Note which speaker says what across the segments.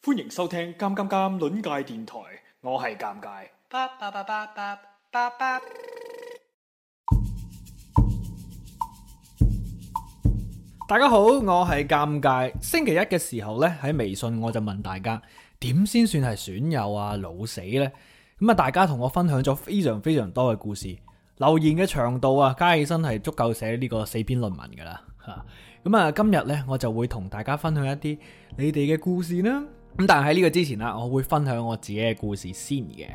Speaker 1: 歡迎收聽《尷尷尷》論界電台，我係尷尬。大家好，我係尷尬。星期一嘅時候咧，喺微信我就問大家點先算係損友啊老死呢？咁啊，大家同我分享咗非常非常多嘅故事，留言嘅長度啊，加起身係足夠寫呢個四篇論文噶啦。咁啊，今日咧，我就會同大家分享一啲你哋嘅故事呢。咁但係喺呢個之前啦，我會分享我自己嘅故事先嘅。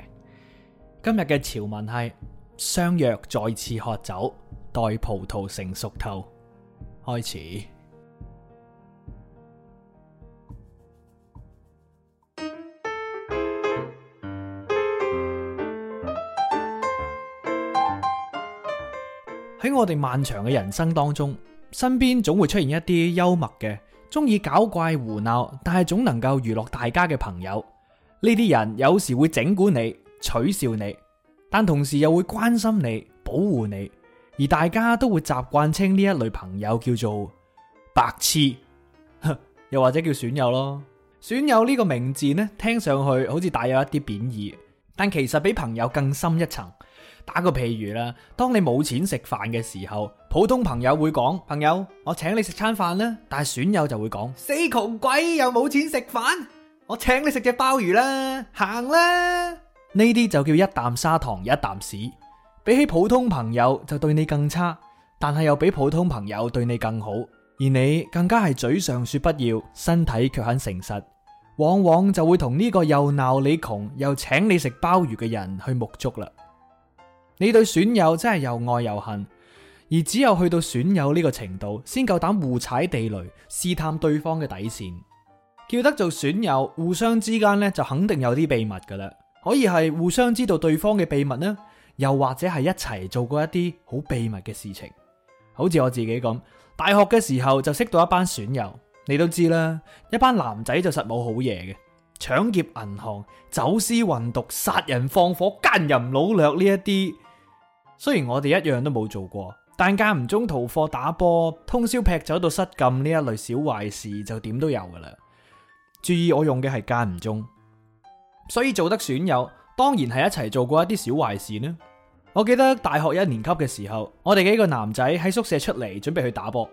Speaker 1: 今日嘅潮文係相約再次喝酒，待葡萄成熟透。開始，喺我哋漫長嘅人生當中，身邊總會出現一啲幽默嘅，中意搞怪胡鬧，但係總能夠娛樂大家嘅朋友，呢啲人有時會整蠱你、取笑你，但同時又會關心你、保護你，而大家都會習慣稱呢一類朋友叫做白痴，又或者叫損友咯。損友呢個名字呢，聽上去好似帶有一啲貶義，但其實比朋友更深一層。打個譬如啦，當你冇錢食飯嘅時候，普通朋友會講：朋友，我請你食餐飯啦。但係損友就會講：死窮鬼又冇錢食飯，我請你食隻鮑魚啦，行啦。呢啲就叫一啖砂糖一啖屎。比起普通朋友就對你更差，但係又比普通朋友對你更好，而你更加係嘴上說不要，身體卻很誠實，往往就會同呢個又鬧你窮又請你食鮑魚嘅人去沐足啦。你對損友真係又愛又恨，而只有去到損友呢個程度，先夠膽互踩地雷，試探對方嘅底線。叫得做損友，互相之間咧就肯定有啲秘密噶啦，可以係互相知道對方嘅秘密啦，又或者係一齊做過一啲好秘密嘅事情。好似我自己咁，大學嘅時候就識到一班損友，你都知啦，一班男仔就實冇好嘢嘅，搶劫銀行、走私運毒、殺人放火、奸淫擄掠呢一啲。雖然我哋一樣都冇做過，但間唔中逃課打波、通宵劈酒到失禁呢一類小壞事就點都有噶啦。注意我用嘅係間唔中，所以做得損友，當然係一齊做過一啲小壞事呢。我記得大學一年級嘅時候，我哋幾個男仔喺宿舍出嚟準備去打波，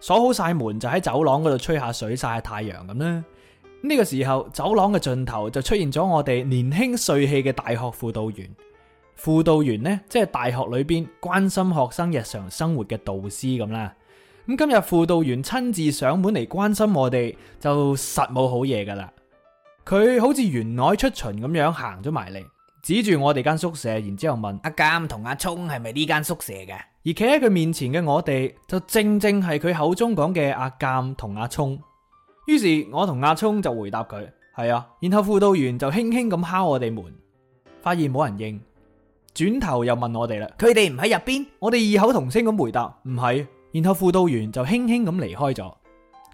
Speaker 1: 鎖好晒門就喺走廊嗰度吹下水、晒下太陽咁呢，呢、呢個時候走廊嘅盡頭就出現咗我哋年輕帥氣嘅大學輔導員。輔導員呢，即係大學裏邊關心學生日常生活嘅導師咁啦。咁今日輔導員親自上門嚟關心我哋，就實冇好嘢噶啦。佢好似原來出巡咁樣行咗埋嚟，指住我哋間宿舍，然之後問阿鑒同阿聰係咪呢間宿舍嘅？而企喺佢面前嘅我哋就正正係佢口中講嘅阿鑒同阿聰。於是我同阿聰就回答佢係啊，然後輔導員就輕輕咁敲我哋門，發現冇人應。轉頭又問我哋啦，佢哋唔喺入邊？我哋異口同聲咁回答唔係，然後輔導員就輕輕咁離開咗。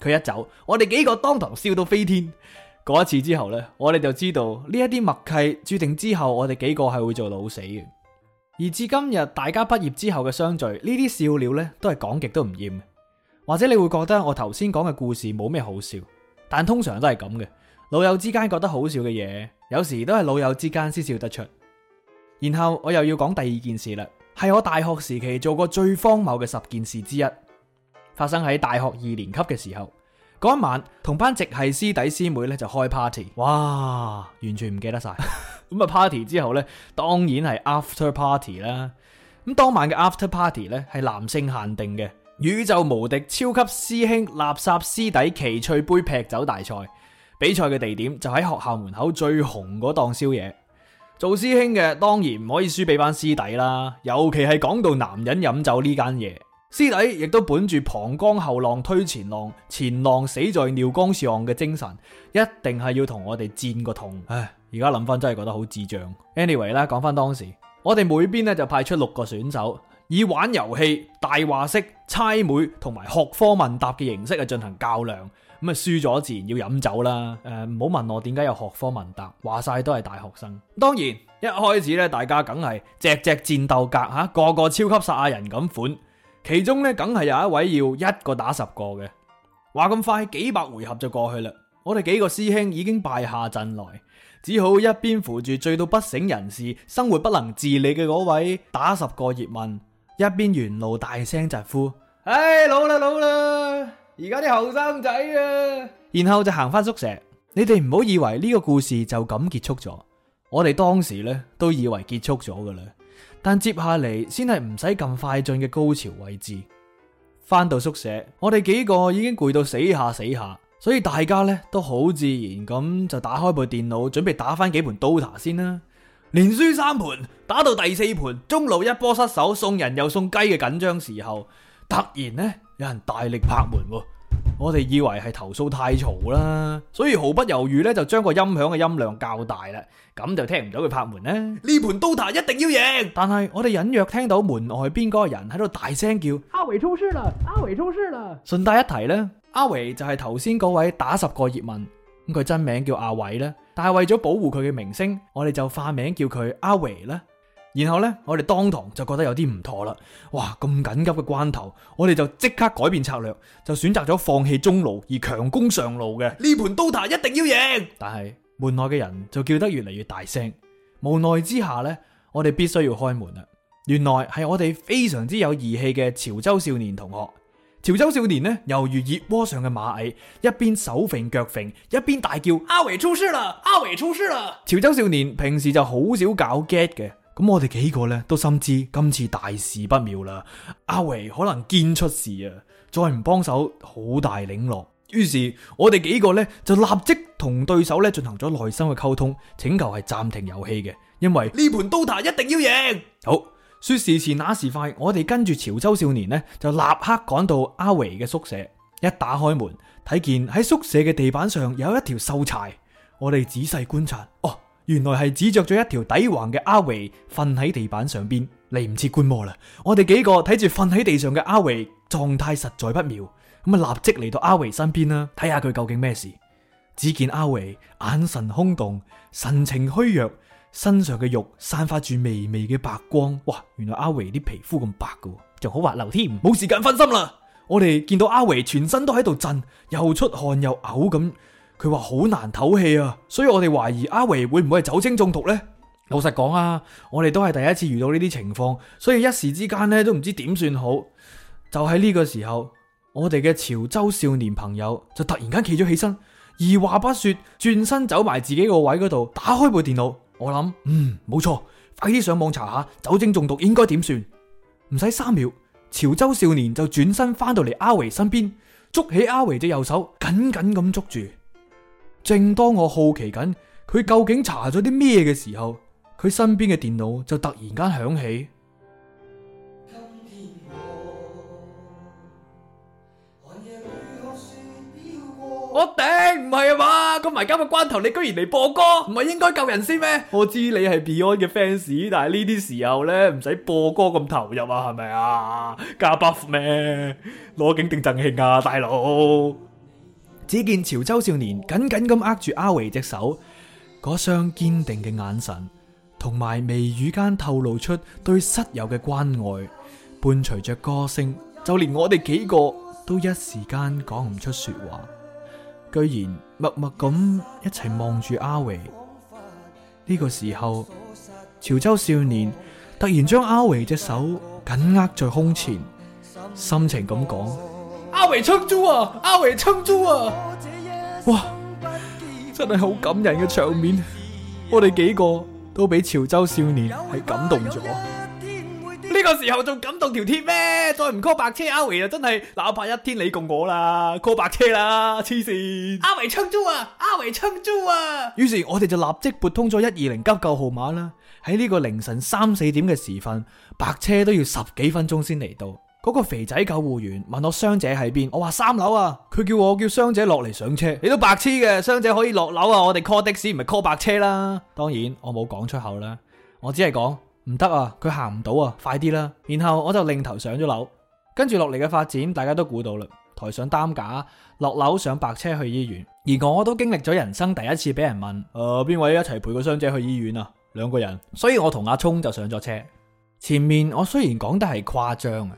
Speaker 1: 佢一走，我哋幾個當堂笑到飛天。嗰 一次之後呢，我哋就知道呢一啲默契注定之後，我哋幾個係會做老死嘅。而至今日大家畢業之後嘅相聚，呢啲笑料呢都係講極都唔厭。或者你會覺得我頭先講嘅故事冇咩好笑，但通常都係咁嘅，老友之間覺得好笑嘅嘢，有時都係老友之間先笑得出。然後我又要講第二件事啦，係我大學時期做過最荒謬嘅十件事之一，發生喺大學二年級嘅時候。嗰一晚同班直系師弟師妹咧就開 party，哇，完全唔記得晒。咁 啊 party 之後呢，當然係 after party 啦。咁當晚嘅 after party 呢，係男性限定嘅，宇宙無敵超級師兄垃圾師弟奇趣杯劈酒大賽，比賽嘅地點就喺學校門口最紅嗰檔宵夜。做師兄嘅當然唔可以輸俾班師弟啦，尤其係講到男人飲酒呢間嘢，師弟亦都本住膀胱後浪推前浪，前浪死在尿缸上嘅精神，一定係要同我哋戰個痛。唉，而家諗翻真係覺得好智障。Anyway 咧，講翻當時，我哋每邊咧就派出六個選手，以玩遊戲、大話骰、猜枚同埋學科問答嘅形式啊進行較量。咁啊，輸咗自然要飲酒啦。誒、呃，唔好問我點解有學科問答，話晒都係大學生。當然，一開始咧，大家梗係隻隻戰鬥格吓，個、啊、個超級殺人咁款。其中咧，梗係有一位要一個打十個嘅。話咁快，幾百回合就過去啦。我哋幾個師兄已經敗下陣來，只好一邊扶住醉到不省人事、生活不能自理嘅嗰位打十個葉問，一邊沿路大聲疾呼：唉、哎，老啦，老啦！而家啲後生仔啊，然後就行翻宿舍。你哋唔好以為呢個故事就咁結束咗，我哋當時呢都以為結束咗噶啦。但接下嚟先係唔使咁快進嘅高潮位置。翻到宿舍，我哋幾個已經攰到死下死下，所以大家呢都好自然咁就打開部電腦，準備打翻幾盤 DOTA 先啦。連輸三盤，打到第四盤，中路一波失手，送人又送雞嘅緊張時候，突然呢。有人大力拍門喎，我哋以為係投訴太嘈啦，所以毫不猶豫咧就將個音響嘅音量較大啦，咁就聽唔到佢拍門咧。呢盤刀塔一定要贏，但係我哋隱約聽到門外邊嗰個人喺度大聲叫阿：阿偉出事啦！阿偉出事啦！順帶一提呢，阿偉就係頭先嗰位打十個葉問，咁佢真名叫阿偉啦，但係為咗保護佢嘅名聲，我哋就化名叫佢阿偉啦。然後呢，我哋當堂就覺得有啲唔妥啦。哇，咁緊急嘅關頭，我哋就即刻改變策略，就選擇咗放棄中路而強攻上路嘅呢盤刀塔，一定要贏。但係門外嘅人就叫得越嚟越大聲，無奈之下呢，我哋必須要開門啦。原來係我哋非常之有義氣嘅潮州少年同學。潮州少年呢，猶如熱鍋上嘅螞蟻，一邊手揈腳揈，一邊大叫：阿偉、啊、出事啦！阿、啊、偉出事啦！潮州少年平時就好少搞 get 嘅。咁我哋幾個咧都深知今次大事不妙啦，阿維可能見出事啊，再唔幫手好大領落。於是我哋幾個咧就立即同對手咧進行咗內心嘅溝通，請求係暫停遊戲嘅，因為呢盤刀塔一定要贏。好，說時遲那時快，我哋跟住潮州少年呢，就立刻趕到阿維嘅宿舍，一打開門睇見喺宿舍嘅地板上有一條秀柴，我哋仔細觀察，哦。原來係只着咗一條底橫嘅阿維瞓喺地板上邊，嚟唔切觀摩啦。我哋幾個睇住瞓喺地上嘅阿維，狀態實在不妙，咁啊立即嚟到阿維身邊啦，睇下佢究竟咩事。只見阿維眼神空洞，神情虛弱，身上嘅肉散發住微微嘅白光。哇！原來阿維啲皮膚咁白嘅，仲好滑溜添。冇時間分心啦，我哋見到阿維全身都喺度震，又出汗又嘔咁。佢話好難唞氣啊，所以我哋懷疑阿維會唔會係酒精中毒呢？老實講啊，我哋都係第一次遇到呢啲情況，所以一時之間咧都唔知點算好。就喺呢個時候，我哋嘅潮州少年朋友就突然間企咗起身，二話不說轉身走埋自己個位嗰度，打開部電腦。我諗，嗯，冇錯，快啲上網查下酒精中毒應該點算。唔使三秒，潮州少年就轉身翻到嚟阿維身邊，捉起阿維隻右手，緊緊咁捉住。正當我好奇緊佢究竟查咗啲咩嘅時候，佢身邊嘅電腦就突然間響起。
Speaker 2: 今天我，我頂，唔係啊嘛，
Speaker 1: 咁埋機嘅關頭，你居然嚟播歌，唔係應該救人先咩？我知你係 Beyond 嘅 fans，但係呢啲時候咧，唔使播歌咁投入啊，係咪啊？加 buff 咩？攞景定贈慶啊，大佬！只見潮州少年緊緊咁握住阿維隻手，嗰雙堅定嘅眼神，同埋眉宇間透露出對室友嘅關愛，伴隨著歌聲，就連我哋幾個都一時間講唔出說話，居然默默咁一齊望住阿維。呢個時候，潮州少年突然將阿維隻手緊握在胸前，深情咁講。阿偉撐住啊！阿偉撐住啊！哇，真係好感人嘅場面， 我哋幾個都俾潮州少年係感動咗。呢個時候仲感動條貼咩？再唔 call 白車，阿偉啊，真係哪怕一天你共我啦，call 白車啦，黐線！阿偉撐住啊！
Speaker 2: 阿偉撐住
Speaker 1: 啊！於是我哋就立即撥通咗一二零急救號碼啦。喺呢個凌晨三四點嘅時分，白車都要十幾分鐘先嚟到。嗰個肥仔救護員問我傷者喺邊？我話三樓啊。佢叫我，我叫傷者落嚟，上車，你都白痴嘅，傷者可以落樓啊。我哋 call 的士唔係 call 白車啦。當然我冇講出口啦，我只係講，唔得啊，佢行唔到啊，快啲啦。然後我就擰頭上咗樓，跟住落嚟嘅發展大家都估到啦，抬上擔架落樓上白車去醫院，而我都經歷咗人生第一次俾人問，誒，邊位一齊陪個傷者去醫院啊？兩個人，所以我同阿聰就上咗車。前面我雖然講得係誇張啊。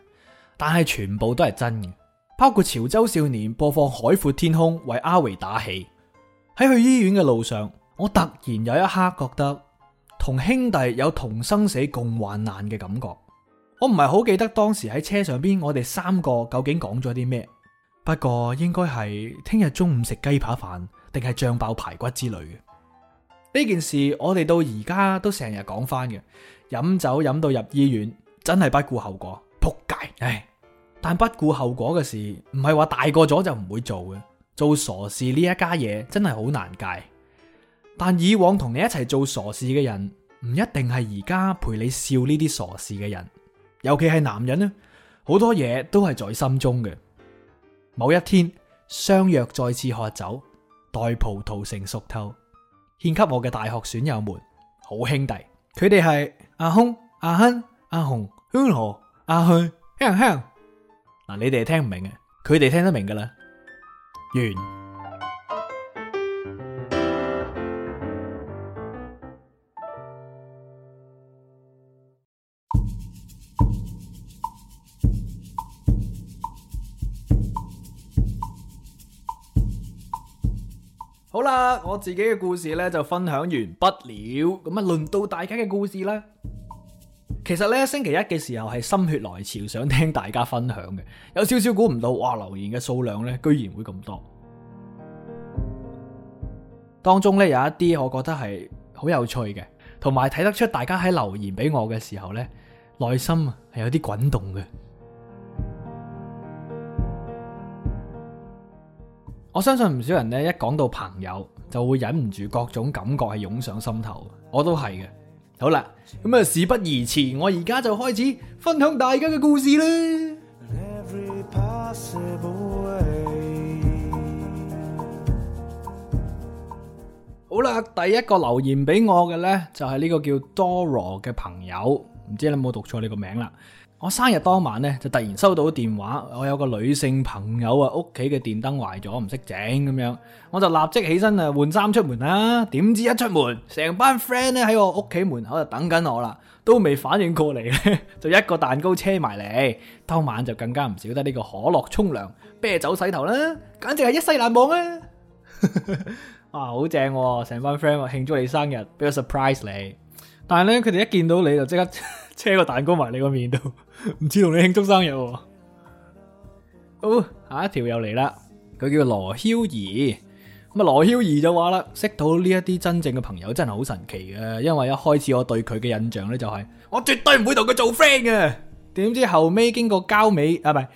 Speaker 1: 但係全部都係真嘅，包括潮州少年播放《海闊天空》為阿維打氣。喺去醫院嘅路上，我突然有一刻覺得同兄弟有同生死共患難嘅感覺。我唔係好記得當時喺車上邊，我哋三個究竟講咗啲咩，不過應該係聽日中午食雞扒飯定係醬爆排骨之類嘅。呢件事我哋到而家都成日講翻嘅，飲酒飲到入醫院，真係不顧後果。界唉、哎，但不顧後果嘅事唔係話大個咗就唔會做嘅。做傻事呢一家嘢真係好難戒。但以往同你一齊做傻事嘅人，唔一定係而家陪你笑呢啲傻事嘅人，尤其係男人咧，好多嘢都係在心中嘅。某一天相約再次喝酒，待葡萄成熟透，獻給我嘅大學選友們，好兄弟，佢哋係阿空、阿、啊、亨、阿、啊、紅、圈、嗯、河、哦。啊去香唔香？嗱，你哋聽唔明嘅，佢哋聽得明噶啦。完。好啦，我自己嘅故事呢就分享完不了，咁啊輪到大家嘅故事啦。其實呢星期一嘅時候係心血來潮，想聽大家分享嘅，有少少估唔到，哇！留言嘅數量咧，居然會咁多。當中咧有一啲，我覺得係好有趣嘅，同埋睇得出大家喺留言俾我嘅時候咧，內心係有啲滾動嘅。我相信唔少人咧一講到朋友，就會忍唔住各種感覺係湧上心頭，我都係嘅。好啦，咁啊事不宜遲，我而家就開始分享大家嘅故事啦。
Speaker 2: 好
Speaker 1: 啦，第一個留言俾我嘅咧，就係、是、呢個叫 Dora 嘅朋友，唔知你有冇讀錯你個名啦。我生日當晚咧，就突然收到電話，我有個女性朋友啊，屋企嘅電燈壞咗，唔識整咁樣，我就立即起身啊換衫出門啦、啊。點知一出門，成班 friend 咧喺我屋企門口就等緊我啦，都未反應過嚟咧， 就一個蛋糕車埋嚟。當晚就更加唔少得呢個可樂沖涼、啤酒洗頭啦、啊，簡直係一世難忘啊！ 哇，好正、啊，成班 friend 慶祝你生日，俾個 surprise 你，但係咧佢哋一見到你就即刻車個蛋糕埋你個面度。 唔知同你慶祝生日哦，哦！下一條又嚟啦，佢叫羅曉儀，咁啊羅曉儀就話啦，識到呢一啲真正嘅朋友真係好神奇嘅，因為一開始我對佢嘅印象呢、就係，就係我絕對唔會同佢做 friend 嘅，點知後尾經過交尾啊唔係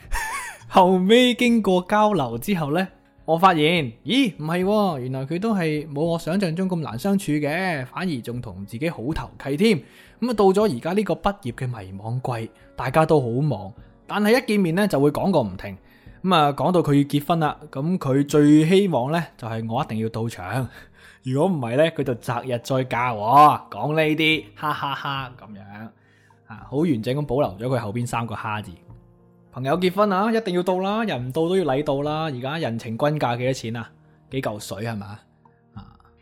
Speaker 1: 後尾經過交流之後呢。我發現，咦，唔係喎，原來佢都係冇我想象中咁難相處嘅，反而仲同自己好投契添。咁啊，到咗而家呢個畢業嘅迷茫季，大家都好忙，但係一見面咧就會講個唔停。咁啊，講到佢要結婚啦，咁佢最希望咧就係我一定要到場。如果唔係咧，佢就擇日再嫁我講呢啲，哈哈哈，哈，咁樣啊，好完整咁保留咗佢後邊三個蝦字。朋友結婚啊，一定要到啦，人唔到都要禮到啦。而家人情均價幾多錢啊？幾嚿水係咪？啊，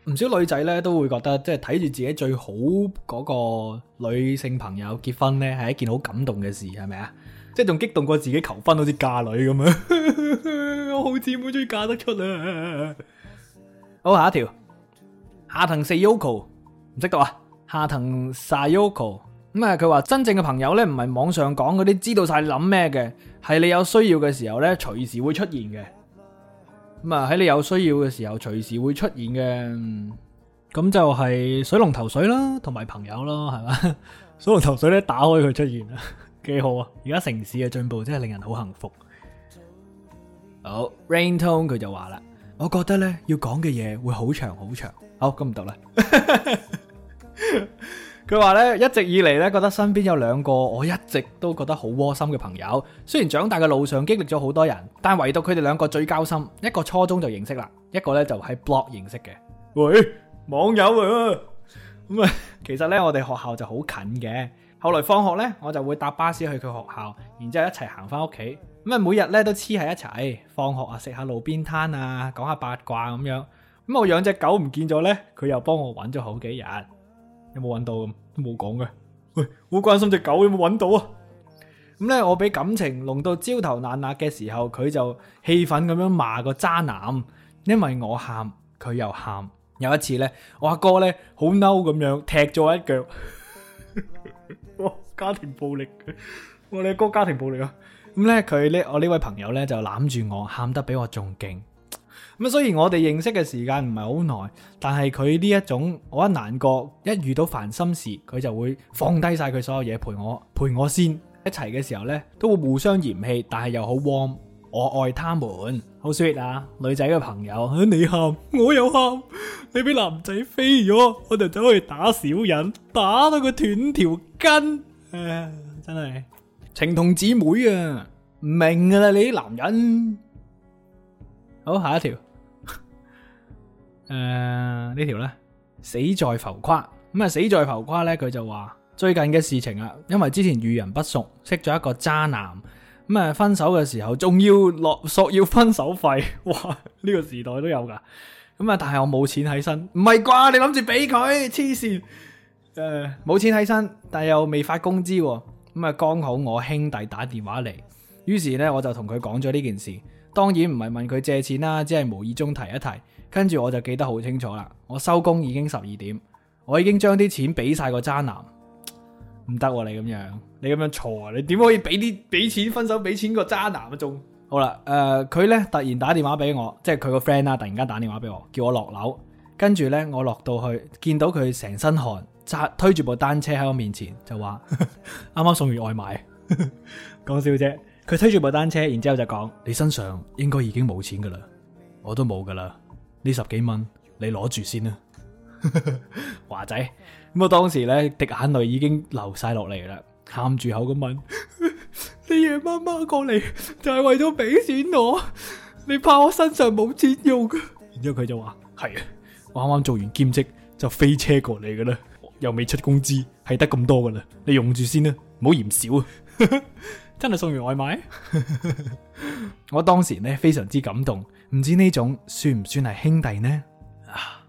Speaker 1: 唔、嗯、少女仔咧都會覺得，即係睇住自己最好嗰個女性朋友結婚咧，係一件好感動嘅事，係咪啊？即係仲激動過自己求婚，好似嫁女咁樣！我好羨慕鍾意嫁得出啊！好，下一條，下藤四 Yoko 唔識讀啊，下藤四 Yoko。咁啊，佢話真正嘅朋友咧，唔係網上講嗰啲知道晒諗咩嘅，係你有需要嘅時候咧，隨時會出現嘅。咁、嗯、啊，喺你有需要嘅時候，隨時會出現嘅。咁就係水龍頭水啦，同埋朋友啦，係嘛？水龍頭水咧，打開佢出現啦，幾好啊！而家城市嘅進步真係令人好幸福。好，Rain Tone 佢就話啦，我覺得咧要講嘅嘢會好長好長。好，咁唔讀啦。 佢話咧，一直以嚟咧覺得身邊有兩個我一直都覺得好窩心嘅朋友。雖然長大嘅路上經歷咗好多人，但唯獨佢哋兩個最交心。一個初中就認識啦，一個咧就喺 blog 認識嘅。喂，網友啊，咁啊，其實咧我哋學校就好近嘅。後來放學咧，我就會搭巴士去佢學校，然之後一齊行翻屋企。咁啊，每日咧都黐喺一齊，放學啊食下路邊攤啊，講下八卦咁樣。咁我養隻狗唔見咗咧，佢又幫我揾咗好幾日。有冇揾到？都冇講嘅。喂，我好關心隻狗有冇揾到啊？咁咧，我俾感情弄到焦頭爛額嘅時候，佢就氣憤咁樣罵個渣男。因為我喊，佢又喊。有一次咧，我阿哥咧好嬲咁樣踢咗我一腳。 哇！家庭暴力，我哋哥，哥家庭暴力啊！咁咧，佢呢，我呢位朋友咧就攬住我，喊得比我仲勁。咁雖然我哋認識嘅時間唔係好耐，但係佢呢一種我一難過，一遇到煩心事，佢就會放低晒佢所有嘢陪我陪我先。一齊嘅時候呢，都會互相嫌棄，但係又好 warm。我愛他們，好 sweet 啊！女仔嘅朋友，啊、你喊我又喊，你俾男仔飛咗，我就走去打小人，打到佢斷條筋。唉，真係情同姊妹啊！唔明啊，你啲男人。好，下一條、 呃、條，誒呢條咧死在浮誇咁啊！死在浮誇咧，佢就話最近嘅事情啊，因為之前遇人不淑，識咗一個渣男，咁、嗯、啊分手嘅時候仲要落索要分手費，哇！呢、這個時代都有噶，咁、嗯、啊但係我冇錢喺身，唔係啩？你諗住俾佢黐線？誒冇、呃、錢喺身，但又未發工資，咁、嗯、啊剛好我兄弟打電話嚟，於是咧我就同佢講咗呢件事。當然唔係問佢借錢啦，只係無意中提一提。跟住我就記得好清楚啦，我收工已經十二點，我已經將啲錢俾晒個渣男。唔得、啊，你咁樣，你咁樣嘈，你點可以俾啲俾錢分手俾錢個渣男啊？仲好啦，誒、呃，佢咧突然打電話俾我，即係佢個 friend 啦，突然間打電話俾我，叫我落樓。跟住咧，我落到去見到佢成身汗，揸推住部單車喺我面前就話，啱啱送完外賣，呵呵講笑啫。.佢推住部單車，然之後就講：你身上應該已經冇錢噶啦，我都冇噶啦，呢十幾蚊你攞住先啦，華 仔。咁啊，當時咧滴眼淚已經流晒落嚟啦，喊住口咁問： 你夜媽媽過嚟就係為咗俾錢我？你怕我身上冇錢用噶？ 然之後佢就話：係啊，我啱啱做完兼職就飛車過嚟噶啦，又未出工資，係得咁多噶啦，你用住先啦，唔好嫌少啊。 真係送完外賣，我當時呢非常之感動，唔知呢種算唔算係兄弟呢？啊，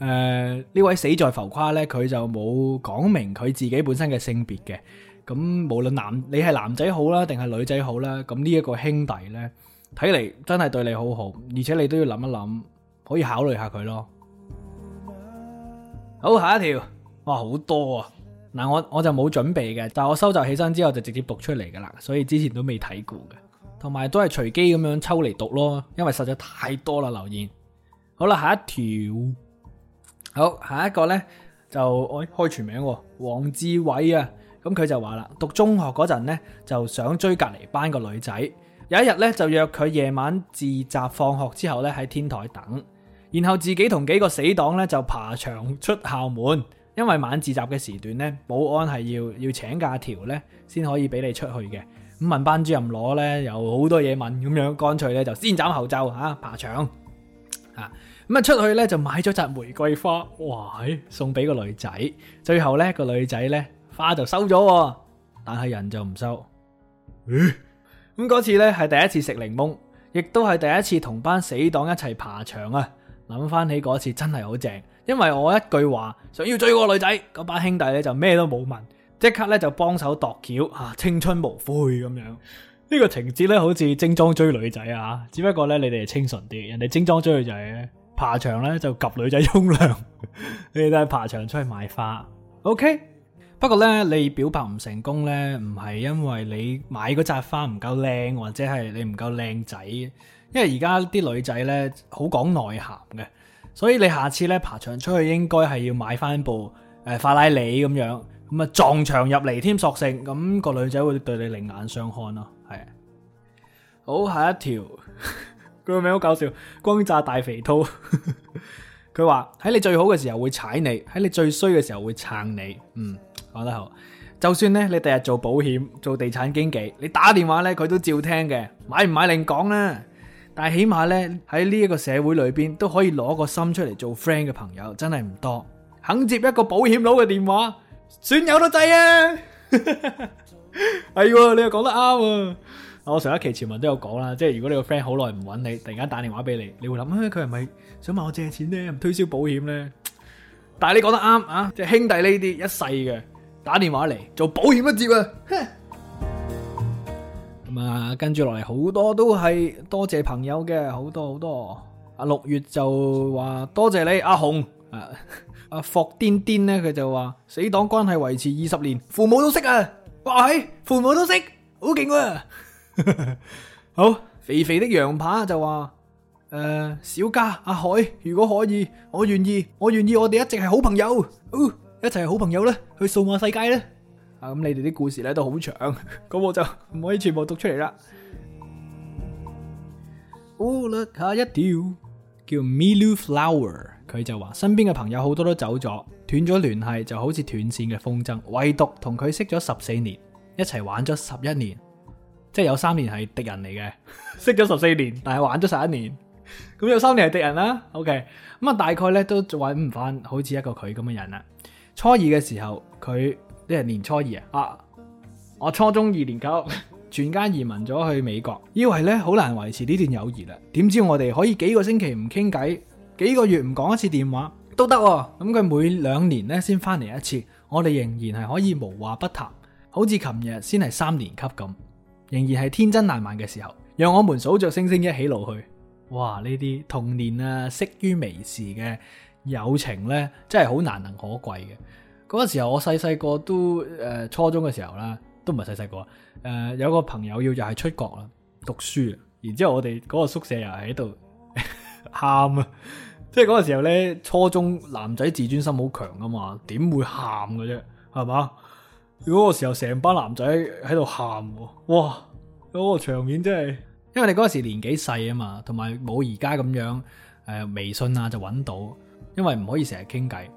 Speaker 1: 誒，呢位死在浮誇呢，佢就冇講明佢自己本身嘅性別嘅，咁無論男你係男仔好啦，定係女仔好啦，咁呢一個兄弟呢，睇嚟，真係對你好好，而且你都要諗一諗，可以考慮下佢咯。好，下一條，哇，好多啊！嗱、啊，我我就冇準備嘅，但係我收集起身之後就直接讀出嚟噶啦，所以之前都未睇過嘅，同埋都係隨機咁樣抽嚟讀咯，因為實在太多啦留言。好啦，下一條，好下一個呢就我、哎、開全名、哦，黃志偉啊，咁佢就話啦，讀中學嗰陣呢就想追隔離班個女仔，有一日呢，就約佢夜晚自習放學之後呢喺天台等，然後自己同幾個死黨呢就爬牆出校門。因為晚自習嘅時段咧，保安係要要請假條咧，先可以俾你出去嘅。咁問班主任攞咧，有好多嘢問，咁樣乾脆咧就先斬後奏啊，爬牆啊。咁啊出去咧就買咗紮玫瑰花，哇，送俾個女仔。最後咧個女仔咧花就收咗，但係人就唔收。咦、哎？咁嗰次咧係第一次食檸檬，亦都係第一次同班死黨一齊爬牆啊！諗翻起嗰次真係好正。因為我一句話想要追個女仔，嗰班兄弟咧就咩都冇問，即刻咧就幫手度橋吓，青春無悔咁樣。呢個情節咧好似精裝追女仔啊，只不過咧你哋清純啲，人哋精裝追女仔爬牆咧就及女仔沖涼， 你哋都係爬牆出去買花。OK，不過咧你表白唔成功咧，唔係因為你買嗰扎花唔夠靚，或者係你唔夠靚仔，因為而家啲女仔咧好講內涵嘅。所以你下次咧爬牆出去，應該係要買翻部誒、呃、法拉利咁樣，咁啊撞牆入嚟添索性，咁、那個女仔會對你另眼相看咯。係，好，下一條，佢個名好搞笑，光炸大肥濤，佢話喺你最好嘅時候會踩你，喺你最衰嘅時候會撐你。嗯，講得好，就算咧你第日，日做保險、做地產經紀，你打電話咧佢都照聽嘅，買唔買另講啦。但係起碼咧喺呢一個社會裏邊都可以攞個心出嚟做 friend 嘅朋友，朋友真係唔多，肯接一個保險佬嘅電話，損友都制啊！係、 哎、你又講得啱啊！我上一期前文都有講啦，即係如果你個 friend 好耐唔揾你，突然間打電話俾你，你會諗佢係咪想問、啊、我借錢呢？又唔推銷保險呢？ 但係你講得啱啊！即係兄弟呢啲一世嘅打電話嚟做保險都接啊！ 啊，跟住落嚟好多都係多謝朋友嘅，好多好多。阿六月就話多謝你，阿紅，阿阿霍癲癲咧，佢就話死黨關係維持二十年，父母都識啊，哇，父母都識，好勁呀。好肥肥的羊扒就話，誒，小嘉阿海，如果可以，我願意，我願意，我哋一直係好朋友，哦，一齊係好朋友啦，去數碼世界啦。啊咁，你哋啲故事咧，都好長，咁我就唔可以全部讀出嚟啦，哦。下一條叫 Milu Flower，佢就話身邊嘅朋友好多都走咗，斷咗聯繫，就好似斷線嘅風箏。唯獨同佢識咗十四年，一齊玩咗十一年，即係有三年係敵人嚟嘅， 識咗十四年， 但係玩咗十一年，咁有三年係敵人啦。OK，咁啊大概咧，都搵唔翻，好似一個佢咁嘅人啦。初二嘅時候，佢。即係年初二啊，啊！我初中二年級， 全家移民咗去美國，因為咧好難維持呢段友誼啦。點知我哋可以幾個星期唔傾偈，幾個月唔講一次電話都得啊。咁佢每兩年咧先翻嚟一次，我哋仍然係可以無話不談，好似琴日先係三年級咁，仍然係天真爛漫嘅時候。讓我們數着星星一起老去。哇！呢啲童年啊，識於微時嘅友情咧，真係好難能可貴嘅。嗰個時候我細細個都誒、呃、初中嘅時候啦，都唔係細細個，誒、呃、有個朋友要又係出國啦讀書，然後之後我哋嗰個宿舍又係喺度喊啊！即係嗰個時候咧，初中男仔自尊心好強㗎嘛，點會喊嘅啫？係嘛？嗰、那個時候成班男仔喺度喊，哇！嗰、那個場面真係，因為你嗰時年紀細啊嘛，同埋冇而家咁樣誒、呃、微信啊就揾到，因為唔可以成日傾偈。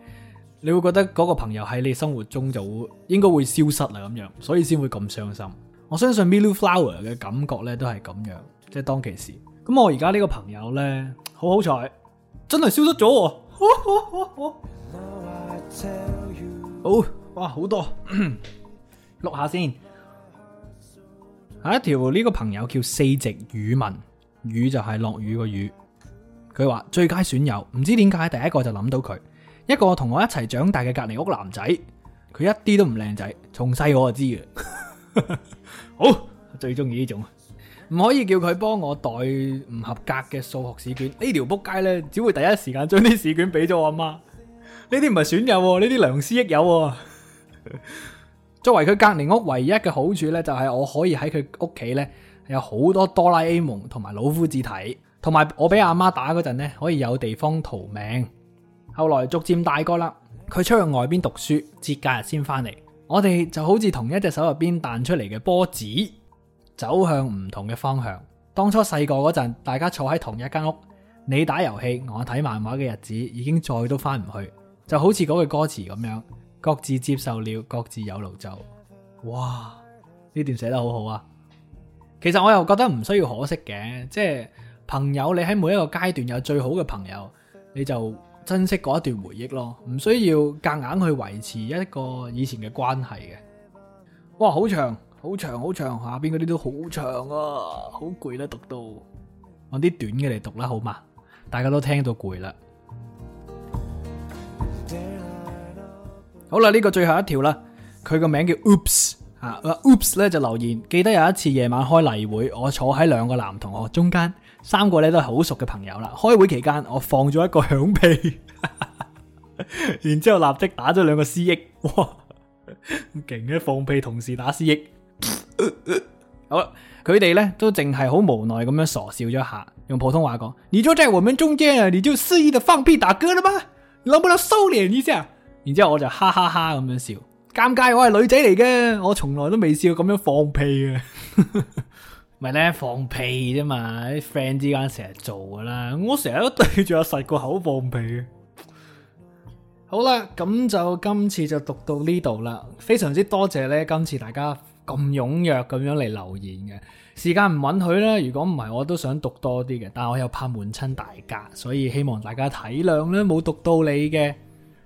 Speaker 1: 你會覺得嗰個朋友喺你生活中就會應該會消失啦咁樣，所以先會咁傷心。我相信 Millu Flower 嘅感覺咧都係咁樣，即係當其時。咁我而家呢個朋友咧，好好彩，真係消失咗。好、
Speaker 2: 哦哦哦
Speaker 1: 哦，哇好多，錄 下先。下一條呢、這個朋友叫四席雨文，雨就係落雨個雨。佢話最佳損友，唔知點解第一個就諗到佢。一個同我一齊長大嘅隔籬屋男仔，佢一啲都唔靚仔，從細我就知嘅。 好，最中意呢種，唔可以叫佢幫我代唔合格嘅數學試卷。呢條撲街呢，只會第一時間將啲試卷俾咗我阿媽。呢啲唔係損友，呢啲良師益友。 作為佢隔籬屋唯一嘅好處呢，就係我可以喺佢屋企呢，有好多哆啦 A 夢同埋老夫子體，同埋我俾阿媽打嗰陣呢，可以有地方逃命。後來逐漸大個啦，佢出去外邊讀書，節假日先翻嚟。我哋就好似同一隻手入邊彈出嚟嘅波子，走向唔同嘅方向。當初細個嗰陣，大家坐喺同一間屋，你打遊戲，我睇漫畫嘅日子，已經再都翻唔去，就好似嗰句歌詞咁樣，各自接受了，各自有路走。哇，呢段寫得好好啊！其實我又覺得唔需要可惜嘅，即係朋友，你喺每一個階段有最好嘅朋友，你就。珍惜嗰一段回憶咯，唔需要夾硬去維持一個以前嘅關係嘅。哇，好長，好長，好長，下邊嗰啲都好長啊，好攰啦，讀到揾啲短嘅嚟讀啦，好嘛？大家都聽到攰啦。 好啦，呢個最後一條啦，佢個名叫 Oops 啊，Oops 咧，就留言，記得有一次夜晚開例會，我坐喺兩個男同學中間。三個咧都係好熟嘅朋友啦。開會期間，我放咗一個響屁，然之後立即打咗兩個思噎。哇，勁嘅放屁同時打思噎、呃呃。好啦，佢哋咧都淨係好無奈咁樣傻笑咗一下，用普通話講：你坐在我們中間啊，你就肆意的放屁打嗝了嗎？能不能收斂一下？然之後我就哈哈哈咁樣笑，尷尬，我係女仔嚟嘅，我從來都未笑咁樣放屁嘅。哈哈。咪咧放屁啫嘛，啲 friend 之間成日做噶啦，我成日都對住阿十個口放屁。 好啦，咁就今次就讀到呢度啦，非常之多謝咧，今次大家咁踊躍咁樣嚟留言嘅。時間唔允許啦，如果唔係，我都想讀多啲嘅，但係我又怕悶親大家，所以希望大家體諒啦，冇讀到你嘅。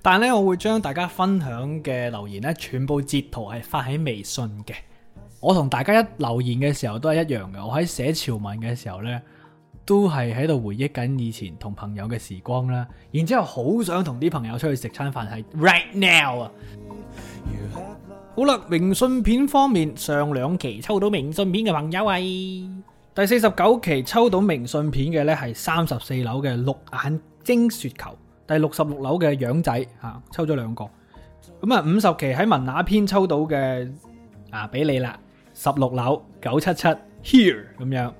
Speaker 1: 但係咧，我會將大家分享嘅留言咧，全部截圖係發喺微信嘅。我同大家一留言嘅時候都係一樣嘅，我喺寫潮文嘅時候呢，都係喺度回憶緊以前同朋友嘅時光啦。然之後好想同啲朋友出去食餐飯，係 right now 啊！Yeah. 好啦，明信片方面，上兩期抽到明信片嘅朋友係、啊、第四十九期抽到明信片嘅呢係三十四樓嘅綠眼睛雪球，第六十六樓嘅樣仔啊，抽咗兩個。咁啊，五十期喺文雅篇抽到嘅啊，俾你啦。十六樓九七七 here 咁樣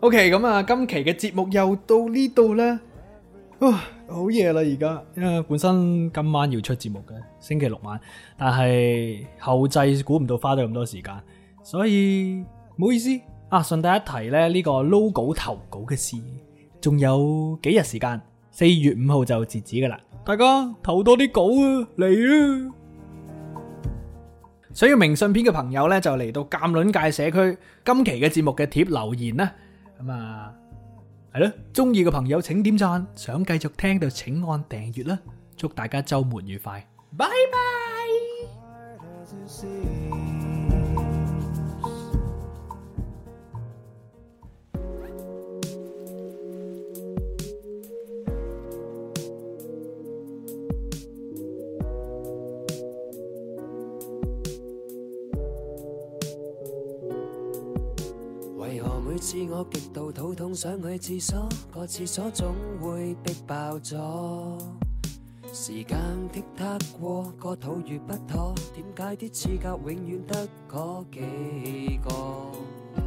Speaker 1: ，OK 咁啊，今期嘅節目又到呢度咧，啊，好夜啦而家，因為本身今晚要出節目嘅，星期六晚，但係後製估唔到花咗咁多時間，所以唔好意思啊，順帶一提咧呢個 logo 投稿嘅事，仲有幾日時間，四月五號就截止噶啦，大家投多啲稿啊，嚟啊！想要明信片嘅朋友呢，就嚟到鑒論界社區今期嘅節目嘅貼留言啦。咁啊，係咯，中意嘅朋友請點讚，想繼續聽到請按訂閱啦。祝大家週末愉快，
Speaker 2: 拜拜。是我極度肚痛，想去廁所，個廁所總會逼爆咗。時間滴答過，個肚越不妥，點解啲廁格永遠得嗰幾個？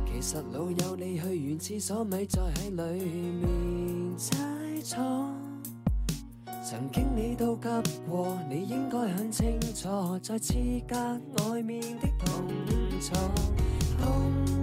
Speaker 2: 其實老友，你去完廁所咪再喺裏面猜錯。曾經你都急過，你應該很清楚，在廁格外面的痛楚。痛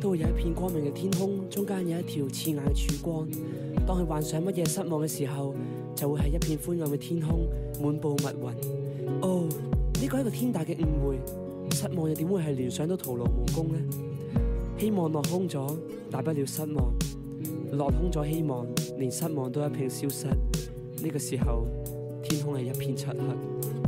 Speaker 2: 都會有一片光明嘅天空，中間有一條刺眼嘅曙光。當佢幻想乜嘢失望嘅時候，就會係一片灰暗嘅天空，滿布密雲。哦，呢個係一個天大嘅誤會，失望又點會係聯想到徒勞無功呢？希望落空咗，大不了失望；落空咗希望，連失望都一片消失。呢個時候，天空係一片漆黑。